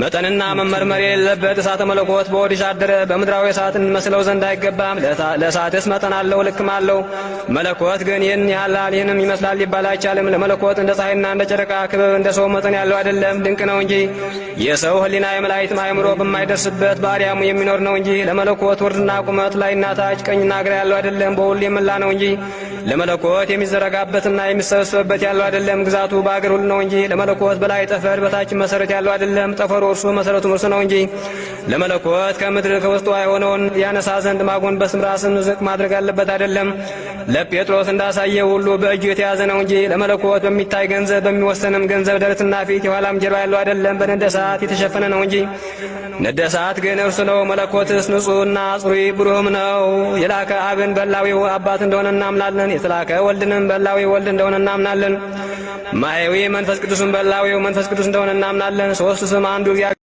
መጠንና መመርመር የሌለበት እሳተ መለኮት በወዲህ አደረ። በምድራዊ እሳት እንመስለው ዘንድ አይገባም። ለእሳትስ መጠን አለው፣ ልክም አለው። መለኮት ግን ይህን ያህላል ይህንም ይመስላል ሊባል አይቻልም። ለመለኮት እንደ ፀሐይና እንደ ጨረቃ ክበብ እንደ ሰው መጠን ያለው አይደለም፣ ድንቅ ነው እንጂ የሰው ሕሊና የመላእክትም አእምሮ በማይደርስበት በአርያሙ የሚኖር ነው እንጂ ለመለኮት ውርድና ቁመት ላይና ታች ቀኝና ግራ ያለው አይደለም፣ በሁሉ የመላ ነው እንጂ ለመለኮት የሚዘረጋበትና የሚሰበሰብበት ያለው አይደለም። ግዛቱ በአገር ሁሉ ነው እንጂ ለመለኮት በላይ ጠፈር በታችን መሰረት ያለው አይደለም። ጠፈሩ እርሱ መሰረቱም እርሱ ነው እንጂ ለመለኮት ከምድር ከውስጡ የሆነውን ያነሳ ዘንድ ማጎን ራስን ዝቅ ማድረግ አለበት አይደለም። ለጴጥሮስ እንዳሳየው ሁሉ በእጁ የተያዘ ነው እንጂ ለመለኮት በሚታይ ገንዘብ በሚወሰንም ገንዘብ ደረትና ፊት የኋላም ጀርባ ያለው አይደለም። በነደ የተሸፈነ ነው እንጂ ነደ እሳት ግን እርሱ ነው። መለኮትስ ንጹሕና ጽሩይ ብሩህም ነው። የላከ አብን በላዊው አባት እንደሆነ እናምናለን። አምነን የተላከ ወልድንም በላዊ ወልድ እንደሆነ እናምናለን። ማየዊ መንፈስ ቅዱስን በላዊው መንፈስ ቅዱስ እንደሆነ እናምናለን። ሶስቱ ስም አንዱ እግዚአብሔር